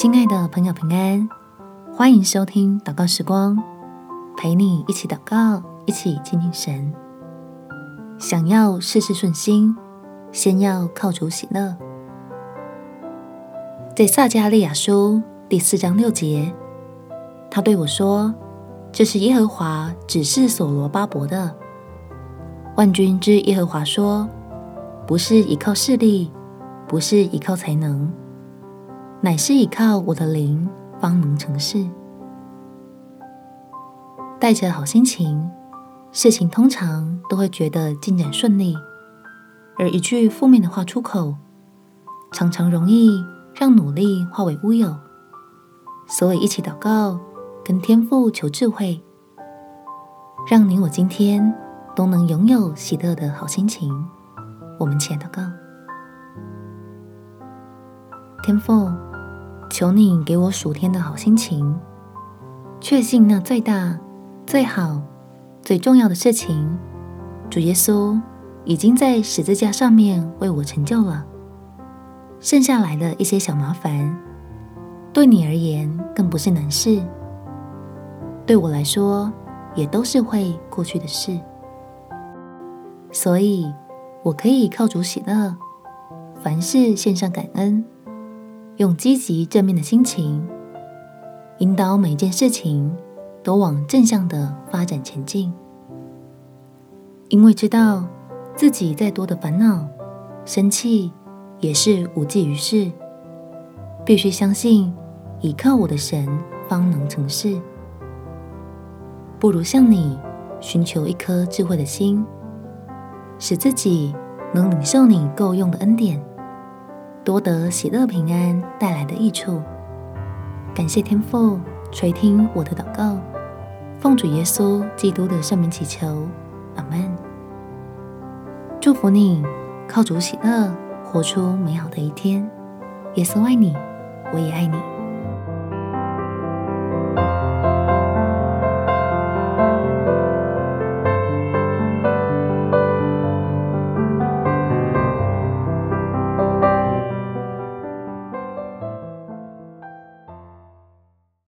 親愛的朋友，平安！歡迎收聽禱告時光，陪你一起禱告，一起親近神。想要事事順心，先要靠主喜樂。在撒迦利亞書第四章六節，他對我說：“這是耶和華指示所羅巴伯的，萬軍之耶和華說，不是依靠勢力，不是依靠才能。”乃是依靠我的靈方能成事。帶着好心情，事情通常都會覺得進展順利；而一句負面的話出口，常常容易讓努力化為烏有。所以一起禱告，跟天父求智慧，讓你我今天都能擁有喜樂的好心情。我們前禱告，天父。求你給我屬天的好心情，確信那最大、最好、最重要的事情，主耶穌已經在十字架上面為我成就了。剩下來的一些小麻煩，對你而言更不是難事，對我來說也都是會過去的事。所以，我可以靠主喜樂，凡事獻上感恩。用積極正面的心情，引導每一件事情都往正向的發展前進。因為知道自己再多的煩惱、生氣也是無濟於事，必須相信依靠我的神方能成事。不如向你尋求一顆智慧的心，使自己能領受你夠用的恩典。多得喜樂平安帶來的益處，感謝天父垂聽我的禱告，奉主耶穌基督的聖名祈求，阿門。祝福你，靠主喜樂，活出美好的一天。耶穌愛你，我也愛你。